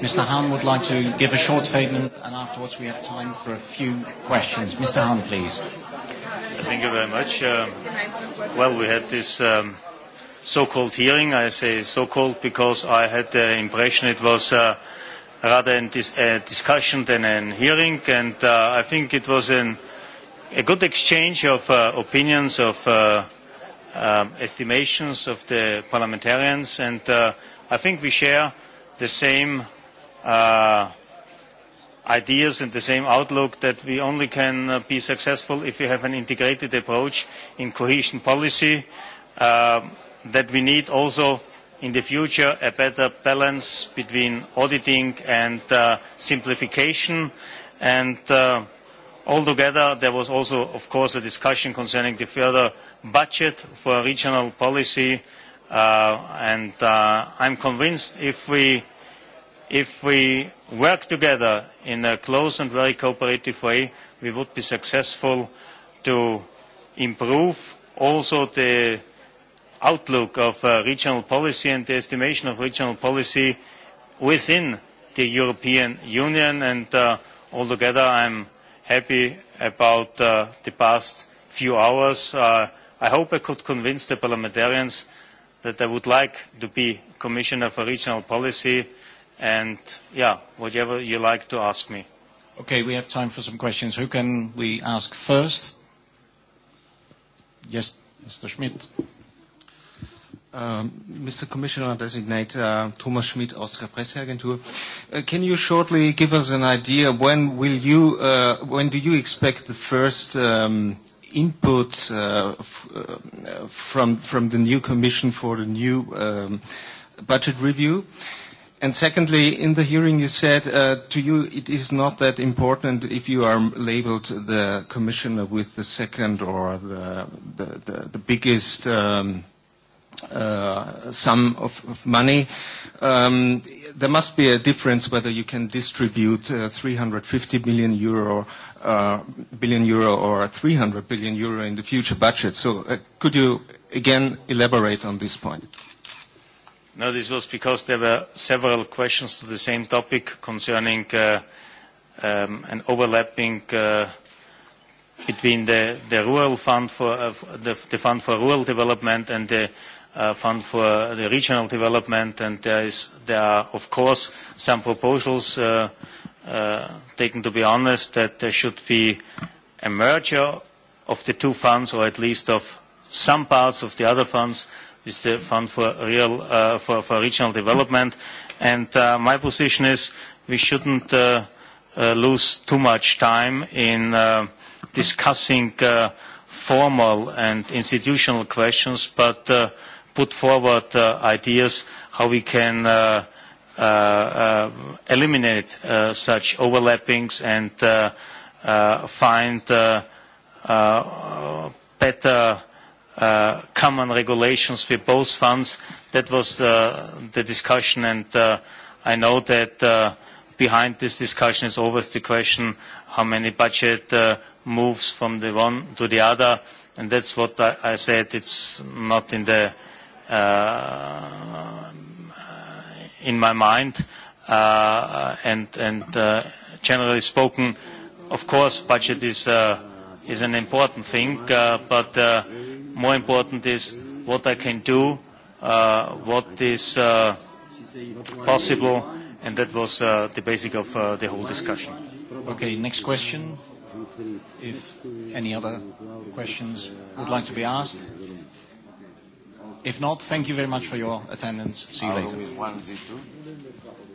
Mr. Hahn would like to give a short statement, and afterwards we have time for a few questions. Mr. Hahn, please. Thank you very much. Well, we had this so-called hearing. I say so-called because I had the impression it was rather a discussion than a hearing, and I think it was a good exchange of opinions, of estimations of the parliamentarians, and I think we share the same ideas and the same outlook that we only can be successful if we have an integrated approach in cohesion policy, that we need also in the future a better balance between auditing and simplification. And altogether there was also, of course, a discussion concerning the further budget for regional policy. And I'm convinced if we if we work together in a close and very cooperative way, we would be successful to improve also the outlook of regional policy and the estimation of regional policy within the European Union. And altogether, I am happy about the past few hours. I hope I could convince the parliamentarians that I would like to be Commissioner for Regional Policy And yeah, whatever you like to ask me. Okay, we have time for some questions. Who can we ask first? Yes, Mr. Schmidt. Mr. Commissioner designate Thomas Schmidt, Austria Press Can you shortly give us an idea when will you, when do you expect the first inputs from from the new Commission for the new budget review? secondly, in the hearing you said to you it is not that important if you are labeled the commissioner with the second or the the biggest sum of money. There must be a difference whether you can distribute 350 billion euro billion euro or 300 billion euro in the future budget. So could you again elaborate on this point? No, this was because there were several questions to the same topic concerning an overlapping between the the rural fund for the fund for rural development and the fund for the regional development and there is there are of course some proposals taken to be honest that there should be a merger of the two funds or at least of some parts of the other funds is the fund for real for for regional development and my position is we shouldn't lose too much time in discussing formal and institutional questions but put forward ideas how we can eliminate such overlappings and find better common regulations for both funds. That was the discussion, and I know that behind this discussion is always the question how many budget moves from the one to the other, and that's what I said. It's not in the in my mind, and generally spoken, of course, budget is an important thing, but More important is what I can do, what is possible, and that was the basic of the whole discussion. Okay, next question. If any other questions would like to be asked. If not, thank you very much for your attendance. See you later.